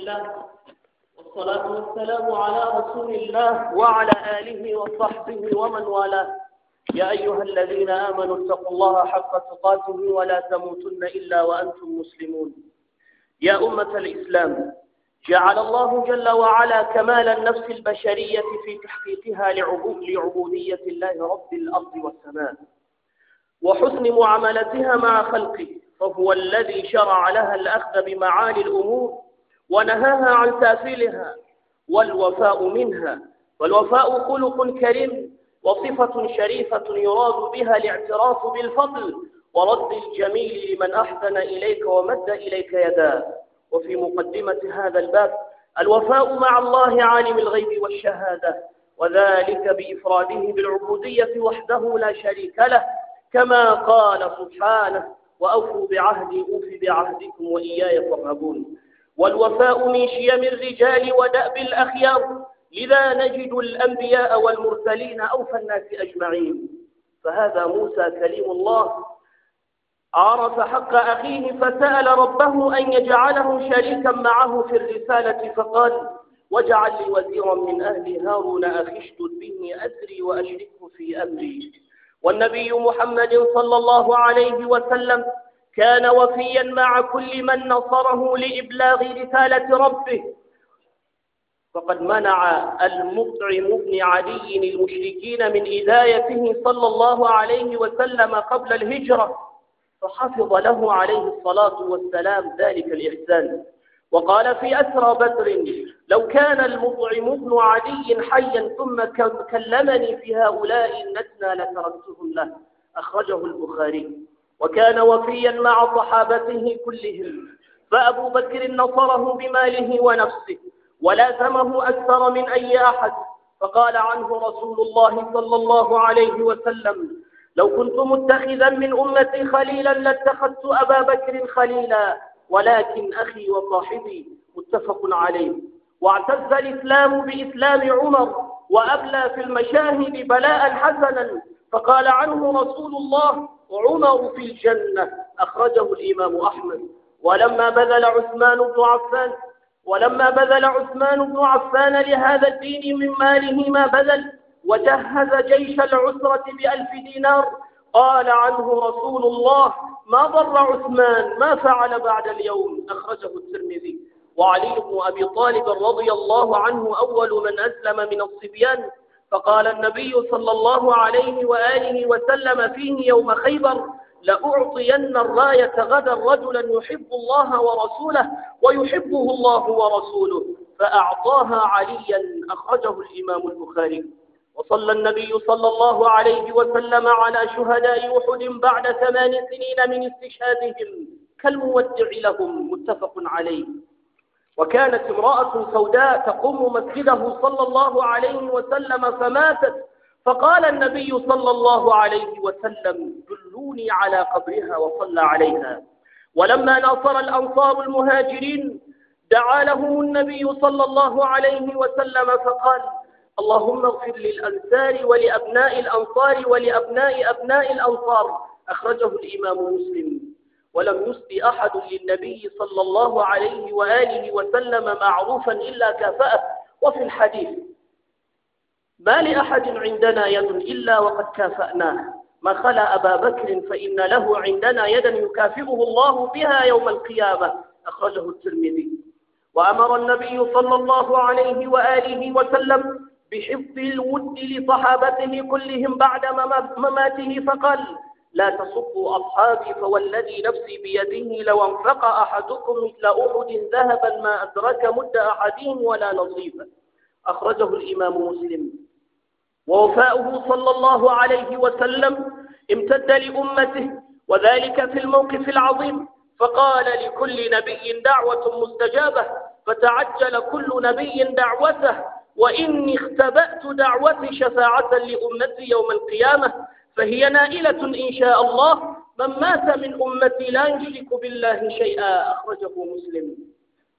الله والصلاة والسلام على رسول الله وعلى آله وصحبه ومن والاه يا أيها الذين آمنوا اتقوا الله حق تقاته ولا تموتن إلا وأنتم مسلمون يا أمة الإسلام جعل الله جل وعلا كمال النفس البشرية في تحقيقها لعبودية الله رب الأرض والسماء وحسن معاملتها مع خلقه فهو الذي شرع لها الأخذ بمعالي الأمور ونهاها عن تأثيلها والوفاء منها والوفاء خلق كريم وصفة شريفة يراد بها الاعتراف بالفضل ورد الجميل لمن أحسن إليك ومد إليك يدا وفي مقدمة هذا الباب الوفاء مع الله عالم الغيب والشهادة وذلك بإفراده بالعبودية وحده لا شريك له كما قال سبحانه وأوفوا بعهدي أوفي بعهدكم وإياي فارهبون والوفاء من شيم الرجال ودأب الأخيار لذا نجد الأنبياء والمرسلين أوفى الناس أجمعين فهذا موسى كليم الله عرف حق أخيه فسأل ربه أن يجعله شريكا معه في الرسالة فقال واجعل لي وزيرا من اهل هارون أخي اشدد به أسري وأشركه في أمري والنبي محمد صلى الله عليه وسلم كان وفيا مع كل من نصره لإبلاغ رسالة ربه فقد منع المطعم بن علي المشركين من إذايته صلى الله عليه وسلم قبل الهجرة فحفظ له عليه الصلاة والسلام ذلك الإحسان وقال في أسرى بدر لو كان المطعم بن علي حيا ثم كلمني في هؤلاء النتنى لتركتهم له أخرجه البخاري وكان وفيا مع صحابته كلهم فأبو بكر نصره بماله ونفسه ولازمه أكثر من أي أحد فقال عنه رسول الله صلى الله عليه وسلم لو كنت متخذا من أمتي خليلا لاتخذت أبا بكر خليلا ولكن أخي وصاحبي متفق عليه واعتز الإسلام بإسلام عمر وأبلى في المشاهد بلاء حسنا فقال عنه رسول الله عمر في الجنة أخرجه الإمام أحمد ولما بذل عثمان بن عفان ولما بذل عثمان بن عفان لهذا الدين من ماله ما بذل وجهز جيش العسرة بألف دينار قال عنه رسول الله ما ضر عثمان ما فعل بعد اليوم أخرجه الترمذي وعلي بن أبي طالب رضي الله عنه أول من أسلم من الصبيان فقال النبي صلى الله عليه وآله وسلم فيه يوم خيبر لأعطين الراية غدا رجلا يحب الله ورسوله ويحبه الله ورسوله فأعطاها عليا أخرجه الإمام البخاري وصلى النبي صلى الله عليه وسلم على شهداء أحد بعد ثمان سنين من استشهادهم كالمودع لهم متفق عليه وكانت امرأة سوداء تقوم مسجده صلى الله عليه وسلم فماتت فقال النبي صلى الله عليه وسلم دلوني على قبرها وصلى عليها ولما ناصر الأنصار المهاجرين دعا لهم النبي صلى الله عليه وسلم فقال اللهم اغفر للأنصار ولأبناء الأنصار ولأبناء أبناء الأنصار أخرجه الإمام مسلم ولم يسب أحد للنبي صلى الله عليه وآله وسلم معروفا إلا كافأه وفي الحديث ما لأحد عندنا يد إلا وقد كافأناه ما خلا أبا بكر فإن له عندنا يدا يكافئه الله بها يوم القيامة أخرجه الترمذي وأمر النبي صلى الله عليه وآله وسلم بحفظ الود لصحابته كلهم بعد مماته فقال لا تصبوا أصحابي فوالذي نفسي بيده لو انفق أحدكم مثل أحد ذهبا ما أدرك مد أحدهم ولا نصيبا أخرجه الإمام مسلم ووفاؤه صلى الله عليه وسلم امتد لأمته وذلك في الموقف العظيم فقال لكل نبي دعوة مستجابة فتعجل كل نبي دعوته وإني اختبأت دعوتي شفاعة لأمتي يوم القيامة فهي نائلة إن شاء الله من مات من أمتي لا يشرك بالله شيئا أخرجه مسلم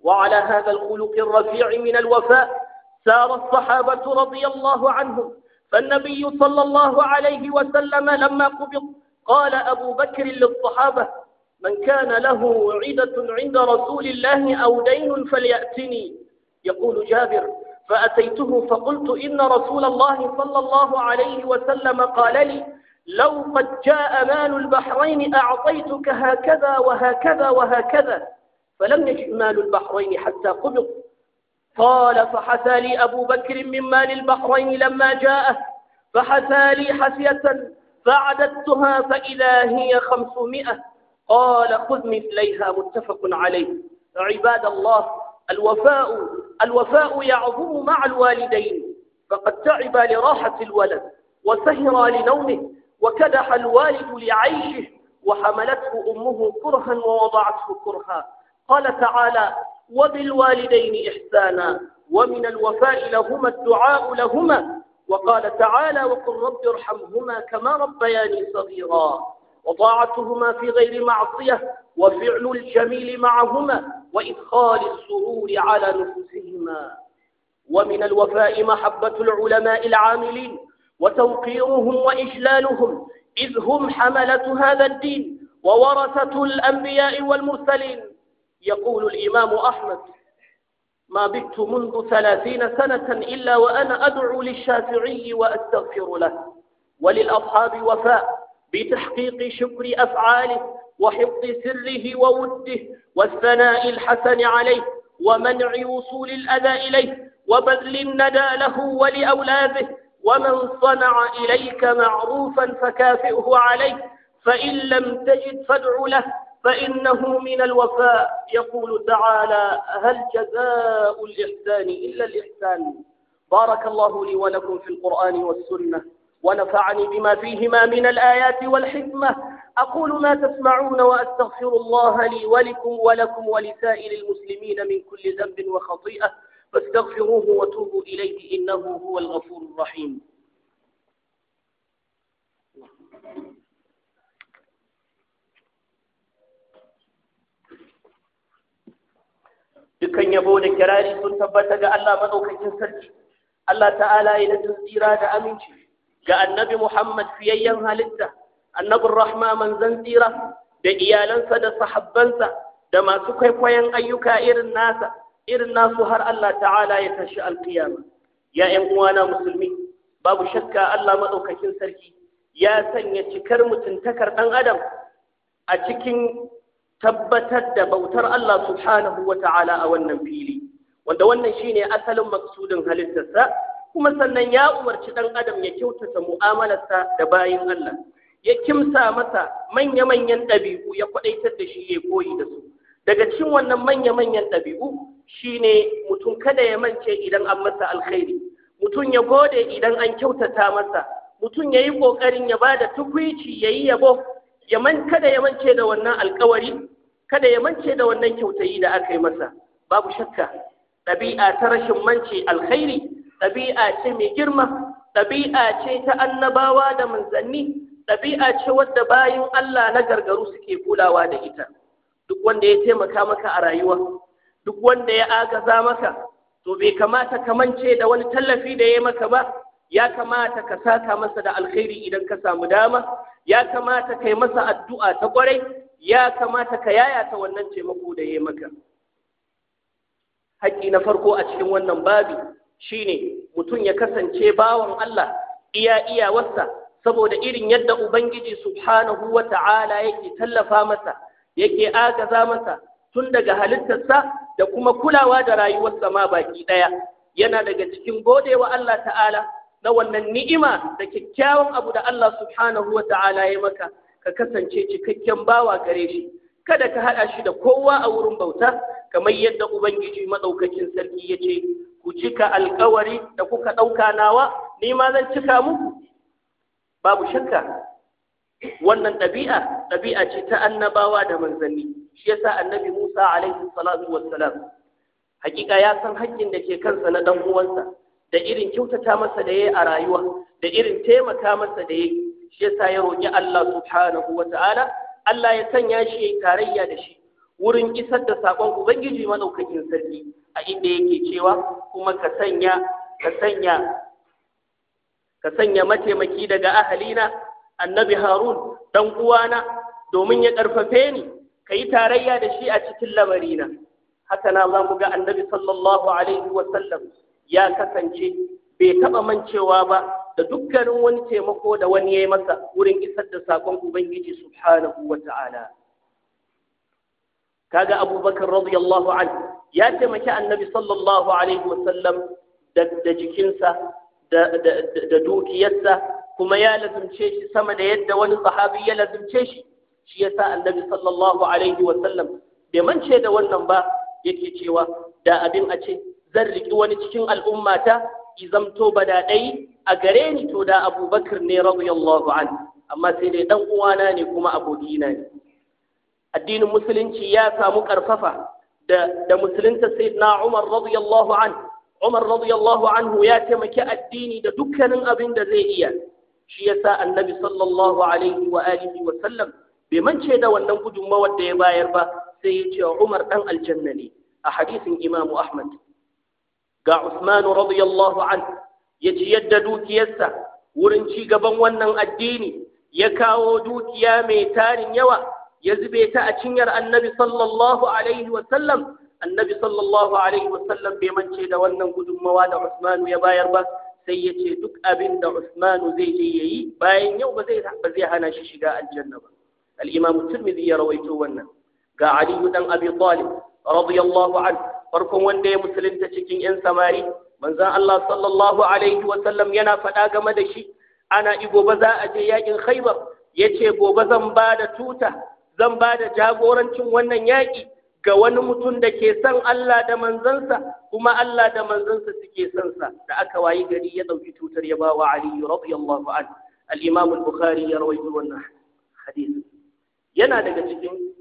وعلى هذا الخلق الرفيع من الوفاء سار الصحابة رضي الله عنهم فالنبي صلى الله عليه وسلم لما قبض قال أبو بكر للصحابة من كان له عدة عند رسول الله أو دين فليأتني يقول جابر فأتيته فقلت إن رسول الله صلى الله عليه وسلم قال لي لو قد جاء مال البحرين أعطيتك هكذا وهكذا وهكذا فلم يجئ مال البحرين حتى قبض قال فحثى لي أبو بكر من مال البحرين لما جاءه فحثى لي حثية فعددتها فإذا هي خمسمائة قال خذ مثليها متفق عليه عباد الله الوفاء الوفاء يعظم مع الوالدين فقد تعب لراحة الولد وسهر لنومه وكدح الوالد لعيشه وحملته أمه كرها ووضعته كرها قال تعالى وبالوالدين إحسانا ومن الوفاء لهما الدعاء لهما وقال تعالى وقل رب ارحمهما كما ربياني صغيرا وطاعتهما في غير معصية وفعل الجميل معهما وإدخال السرور على نفوسهما ومن الوفاء محبة العلماء العاملين وتوقيرهم وإجلالهم إذ هم حملة هذا الدين وورثة الأنبياء والمرسلين يقول الإمام أحمد ما بت منذ ثلاثين سنة إلا وأنا أدعو للشافعي وأستغفر له وللأصحاب وفاء بتحقيق شكر أفعاله وحفظ سره ووده والثناء الحسن عليه ومنع وصول الأذى إليه وبذل الندى له ولأولاده ومن صنع إليك معروفا فكافئه عليه فإن لم تجد فادع له فإنه من الوفاء يقول تعالى هل جزاء الإحسان إلا الإحسان بارك الله لي ولكم في القرآن والسنة ونفعني بما فيهما من الآيات والحكمة أقول ما تسمعون وأستغفر الله لي ولكم ولكم ولسائر المسلمين من كل ذنب وخطيئة فاستغفروه وتوبوا إليه إنه هو الغفور الرحيم dukkan yabo da kirari sun tabbata ga Allah madaukakin sarki Allah ta'ala ya da tsira da aminci ga annabi Muhammad fiyayyen halitta annabin rahma manzan tsira da iyalansa da sahabbansa da masu kwaikwayon ayyuka irin nasa irin nasu har Allah ta'ala ya tashi alkiyama ya ƴan uwana musulmi babu shakka Allah maɗaukakin sarki ya sanya cikar mutuntakar ɗan adam a cikin tabbatar da bautar Allah subhanahu wa ta'ala a wannan fili wanda wannan shine asalin maksudin halittarsa kuma sannan ya umarci ɗan adam ya kyautata mu'amalarsa da bayin Allah ya kimsa masa manya-manyan ɗabi'u ya kwaɗaitar da shi ya koyi da su daga cikin wannan manya-manyan ɗabi'u shine mutum kada ya mance idan an masa alkhairi mutum ya gode idan an kyautata masa mutum ya yi ƙoƙarin ya ba da tukwici ya yi yabo kada ya mance da wannan alkawari kada ya mance da wannan kyautayi da aka yi masa babu shakka ɗabi'a ta rashin mance alkhairi ɗabi'a ce mai girma ɗabi'a ce ta annabawa da manzanni ɗabi'a ce wadda bayan Allah na gargaru suke kulawa da ita duk wanda ya taimaka maka a rayuwa duk wanda ya agaza maka to bai kamata ka mance da wani tallafi da ya maka ba ya kamata ka saka masa da alkhairi idan ka samu dama ya kamata ka yi masa addu'a ta kwarai ya kamata ka yaya ta wannan taimako da ya maka haƙƙi na farko a cikin wannan babi shine mutum ya kasance bawan Allah iya iya wasa. saboda irin yadda ubangiji subhanahu wa ta'ala yake tallafa masa yake agaza masa tun daga halittarsa da kuma kulawa da rayuwarsa ma baki ɗaya yana daga cikin godewa Allah ta'ala na wannan ni'ima da kyakkyawan abu da Allah subhanahu wa ta'ala ya maka ka kasance cikakken bawa gare shi kada ka haɗa shi da kowa a wurin bauta kamar yadda ubangiji maɗaukakin sarki ya ce ku cika alkawari da kuka ɗauka nawa ni ma zan cika muku babu shakka wannan ɗabi'a ɗabi'a ce ta annabawa da manzanni shi yasa annabi Musa alaihi salatu wassalam hakika ya san haƙƙin da ke kansa na ɗan uwansa da irin kyautata masa da yayi a rayuwa da irin taimaka masa da yayi shi yasa ya roki Allah subhanahu wata'ala Allah ya sanya shi yayi tarayya da shi wurin isar da sakon ubangiji madaukakin sarki a inda yake cewa kuma ka sanya ka sanya ka sanya mataimaki daga ahalina annabi harun dan uwana domin ya karfafe ni ka yi tarayya da shi a cikin lamarina haka na za mu ga annabi sallallahu alaihi wasallam ya kasance bai taɓa mancewa ba da dukkanin wani taimako da wani ya yi masa wurin isar da sakon ubangiji subhanahu wa ta'ala kaga abubakar radiyallahu anhu ya taimaki annabi sallallahu alaihi wasallam da jikinsa da dukiyarsa kuma ya lazumce shi sama da yadda wani sahabi ya lazumce shi shi yasa annabi sallallahu alaihi wa sallam bai mance da wannan ba yake cewa da abin a ce zan riki wani cikin al'ummata izamto da ɗai a gare ni to da abubakar ne radiyallahu amma sai dai dan uwana ne kuma abokina ne addinin musulunci ya samu karfafa da da musulunta sayyidina Umar radiyallahu Umar radiyallahu anhu ya taimaki addini da dukkanin abin da zai iya shi yasa annabi sallallahu alaihi wa alihi wa sallam bai mance da wannan gudunmawar da ya bayar ba sai ya ce Umar dan aljanna ne a hadisin Imam Ahmad ga Usmanu radiyallahu anhu ya ci yadda dukiyarsa wurin ci gaban wannan addini ya kawo dukiya mai tarin yawa ya zube ta a cinyar annabi sallallahu alaihi sallam. annabi sallallahu alaihi wasallam bai mance da wannan gudunmawa da Usmanu ya bayar ba sai ya ce duk abin da Usmanu zai je yayi bayan yau ba zai hana shi shiga aljanna ba al-Imam ya rawaito wannan ga Ali dan Abi Talib radiyallahu anhu farkon wanda ya musulunta cikin yan samari manzon Allah sallallahu alaihi wasallam yana faɗa game da shi ana igo ba za a je yakin Khaibar yace gobe zan ba da tuta zan ba da jagorancin wannan yaƙi ga wani mutum da ke son Allah da manzansa kuma Allah da manzansa suke son sa da aka wayi gari ya dauki tutar ya bawa Ali radiyallahu an al-Imam al-Bukhari ya rawaito wannan hadisi yana daga cikin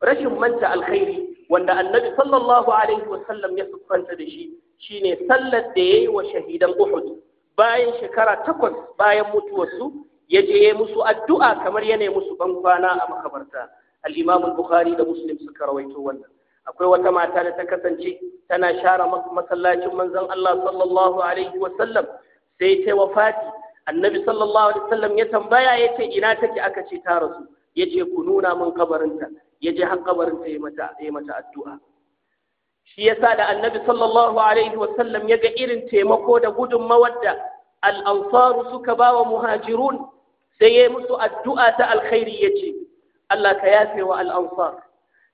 rashin manta alkhairi wanda Annabi sallallahu alaihi wasallam ya sufanta da shi shine sallar da yayi wa shahidan Uhud bayan shekara takwas bayan mutuwarsu ya je musu addu'a kamar yana musu kwana a makabarta al bukhari da Muslim suka rawaito wannan akwai wata mata da ta kasance tana share masallacin manzon Allah sallallahu alaihi wa sai ta wafati annabi sallallahu alaihi wa sallam ya tambaya yace ina take aka ce ta rasu yace ku nuna mun kabarinta yaje har kabarinta ya mata ya mata addu'a shi yasa da annabi sallallahu alaihi wa sallam ya ga irin taimako da gudun da al-ansaru suka bawa muhajirun sai ya musu addu'a ta alkhairi yace Allah ka yafe wa al'ansar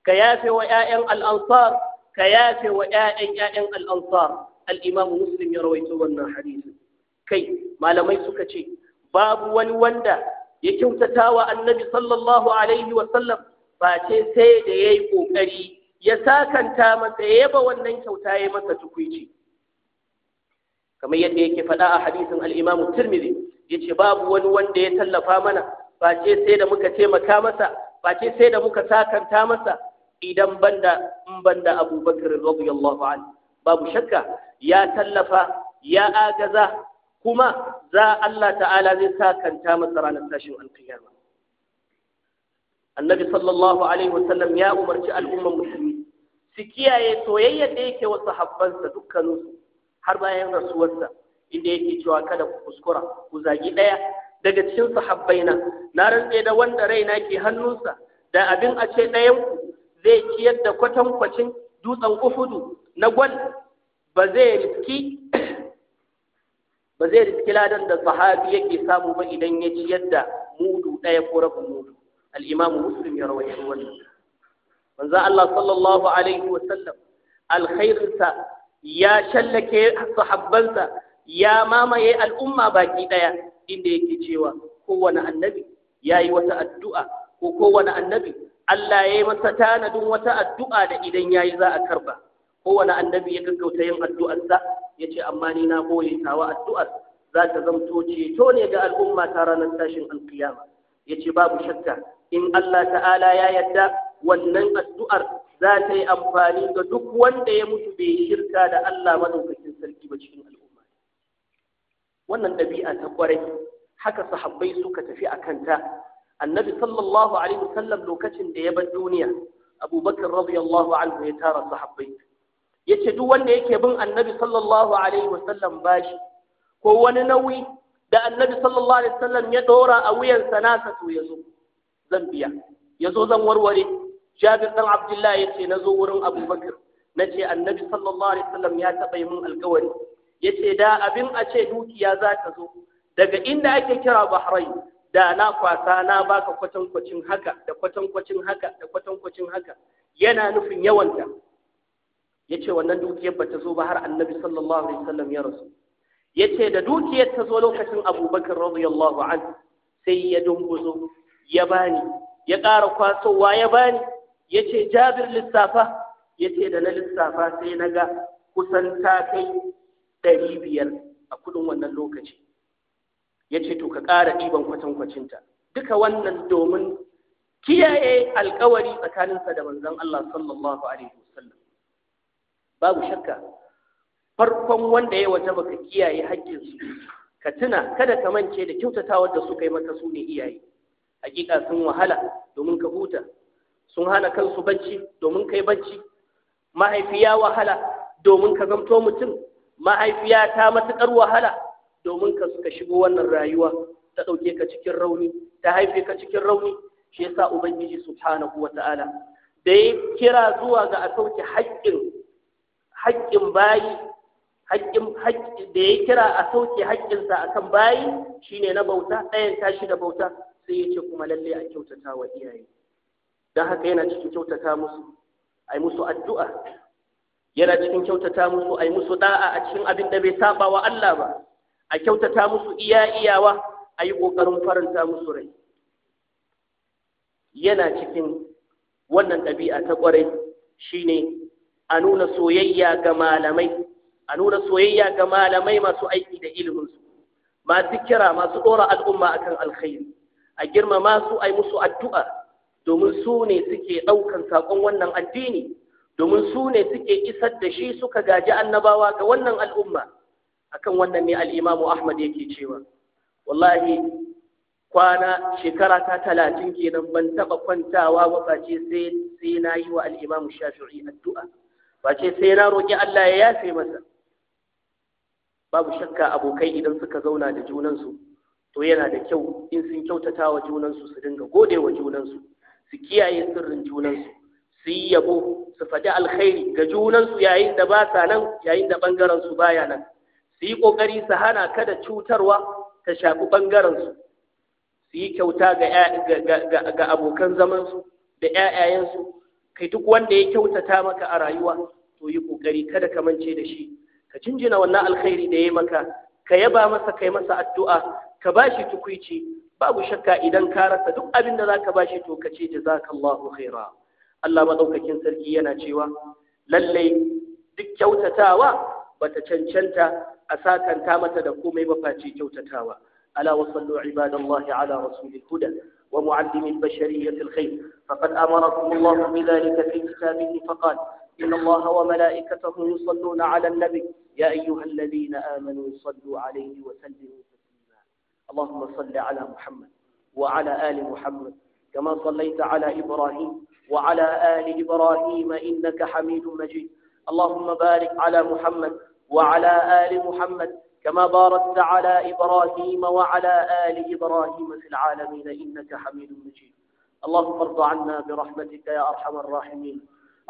ka yafe wa ‘ya'yan al'ansar ka yafe wa ‘ya'yan ‘ya'yan al'ansar al'imamu muslim ya rawaito wannan hadisi kai malamai suka ce babu wani wanda ya kyautata wa annabi sallallahu alaihi wasallam ba ce sai da ya yi ƙoƙari ya sakanta masa ya yaba wannan kyauta ya masa tukuici kamar yadda yake faɗa a hadisin al'imamu turmizi ya ce babu wani wanda ya tallafa mana ba ce sai da muka taimaka masa face sai da muka sakanta masa idan banda in banda abubakar radiyallahu anhu babu shakka ya tallafa ya agaza kuma za Allah ta'ala zai sakanta masa ranar tashin alkiyama annabi sallallahu alaihi wasallam ya umarci al'ummar musulmi su kiyaye soyayyar da yake wa sahabbansa dukkaninsu har bayan rasuwarsa inda yake cewa kada ku kuskura ku zagi ɗaya daga cikin sahabbaina na rantse da wanda raina ke hannunsa da abin a ce ɗayanku zai ciyar da kwatankwacin dutsen uhudu na gwal ba zai riski ba zai riski ladan da sahabi yake samu ba idan ya ciyar da mudu ɗaya ko rabin mudu al'imamu muslim ya rawaito wannan manzo Allah sallallahu alaihi wa sallam alkhairinsa ya shallake sahabbansa ya mamaye al'umma baki ɗaya inda yake cewa kowane annabi ya yi wata addu'a ko kowane annabi Allah ya yi masa tanadin wata addu'a da idan ya yi za a karba kowane annabi ya gaggauta yin addu'arsa ya ce amma ni na boye tawa addu'ar za ta zamto ceto ne ga al'umma ta ranar tashin alkiyama ya ce babu shakka in Allah ta'ala ya yadda wannan addu'ar za ta yi amfani ga duk wanda ya mutu bai shirka da Allah madaukakin sarki ba cikin al'umma wannan ɗabi'a ta ƙwarai. haka sahabbai suka tafi a kanta annabi sallallahu alaihi wasallam lokacin da ya bar duniya abubakar radiyallahu anhu ya tara sahabbai yace duk wanda yake bin annabi sallallahu alaihi wasallam bashi ko wani nauyi da annabi sallallahu alaihi wasallam ya dora a wuyansa nasa? to yazo zan biya yazo zan warware jabir dan abdullahi yace nazo wurin abubakar Na ce annabi sallallahu alaihi wasallam ya taɓa yi min alƙawari yace da abin a ce dukiya za ta zo daga inda ake kira bahrai da na kwasa na baka kwatankwacin haka da kwatankwacin haka da kwatankwacin haka yana nufin yawanta yace wannan dukiyar bata zo ba har annabi sallallahu alaihi wasallam ya rasu yace da dukiyar ta zo lokacin abubakar radiyallahu anhu sai ya dunguzo ya bani ya ƙara kwasowa ya bani yace jabir lissafa yace da na lissafa sai na ga kusan ta kai ɗari biyar a kuɗin wannan lokaci ya ce to ka ƙara ɗiban kwatankwacinta duka wannan domin kiyaye alkawari tsakaninsa da manzon Allah sallallahu alaihi wasallam babu shakka farkon wanda ya wajaba ka kiyaye haƙƙinsu ka tuna kada ka mance da kyautatawar da suka yi maka su ne iyaye hakika sun wahala domin ka huta sun hana kansu bacci domin kai bacci mahaifiya wahala domin ka zamto mutum mahaifiya ta matuƙar wahala domin ka suka shigo wannan rayuwa ta ɗauke ka cikin rauni ta haife ka cikin rauni shi yasa ubangiji subhanahu wata'ala da ya kira zuwa ga a sauke haƙƙin haƙƙin bayi da ya kira a sauke haƙƙinsa a kan bayi shine na bauta ɗayan tashi da bauta sai ya ce kuma lalle a kyautata wa iyaye don haka yana cikin kyautata musu a musu addu'a yana cikin kyautata musu ai musu da'a a cikin abin da bai saba wa Allah ba a kyautata musu iya iyawa a yi ƙoƙarin faranta musu rai yana cikin wannan ɗabi'a ta ƙwarai shine a nuna soyayya ga malamai a nuna soyayya ga malamai masu aiki da iliminsu masu kira masu ɗora al'umma akan alkhairi a girmama su ai musu addu'a domin su ne suke ɗaukan saƙon wannan addini domin su ne suke isar da shi suka gaji annabawa ga wannan al'umma akan wannan ne al'imamu ahmad yake cewa wallahi kwana shekara ta talatin kenan ban taba kwantawa ba face sai na yi wa al'imamu shafi'i addu'a face sai na roƙi Allah ya yafe masa babu shakka abokai idan suka zauna da junansu to yana da kyau in sun kyautata wa junansu su dinga gode wa junansu su kiyaye sirrin junansu su yi yabo su faɗi alkhairi ga junansu yayin da ba sa nan yayin da ɓangaren baya nan su yi ƙoƙari su hana kada cutarwa ta shafi ɓangaren su yi kyauta ga abokan zamansu da 'ya'yayensu kai duk wanda ya kyautata maka a rayuwa to yi ƙoƙari kada ka mance da shi ka jinjina wannan alkhairi da ya maka ka yaba masa kai masa addu'a ka bashi tukwici, babu shakka idan ka rasa duk abin da zaka shi to ka ce jazakallahu khaira Allah madaukakin sarki yana cewa lalle duk kyautatawa bata cancanta a sakanta mata da komai ba face kyautatawa ala wa sallu ibadallahi ala rasulil huda wa muallim al-bashariyati al-khair faqad amarakum Allah bi dhalika fi kitabihi faqad إن الله وملائكته يصلون على النبي يا أيها الذين آمنوا صلوا عليه وسلموا تسليما اللهم صل على محمد وعلى آل محمد كما صليت على إبراهيم وعلى آل إبراهيم إنك حميد مجيد اللهم بارك على محمد وعلى آل محمد كما باركت على إبراهيم وعلى آل إبراهيم في العالمين إنك حميد مجيد اللهم ارض عنا برحمتك يا أرحم الراحمين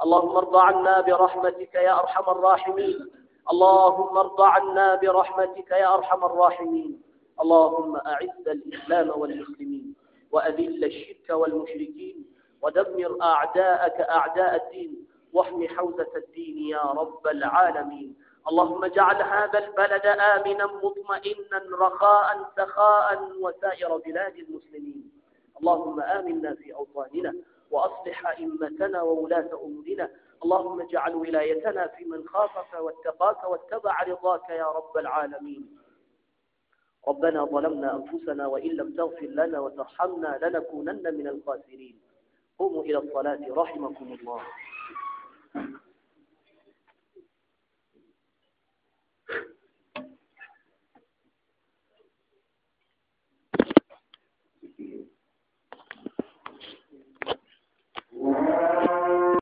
اللهم ارض عنا برحمتك يا أرحم الراحمين اللهم ارض عنا برحمتك يا أرحم الراحمين اللهم أعز الإسلام والمسلمين وأذل الشرك والمشركين ودمر أعداءك أعداء الدين واحم حوزة الدين يا رب العالمين اللهم اجعل هذا البلد آمنا مطمئنا رخاء سخاء وسائر بلاد المسلمين اللهم آمنا في أوطاننا وأصلح أئمتنا وولاة أمورنا اللهم اجعل ولايتنا في من خافك واتقاك واتبع رضاك يا رب العالمين ربنا ظلمنا أنفسنا وإن لم تغفر لنا وترحمنا لنكونن من الخاسرين قوموا إلى الصلاة رحمكم الله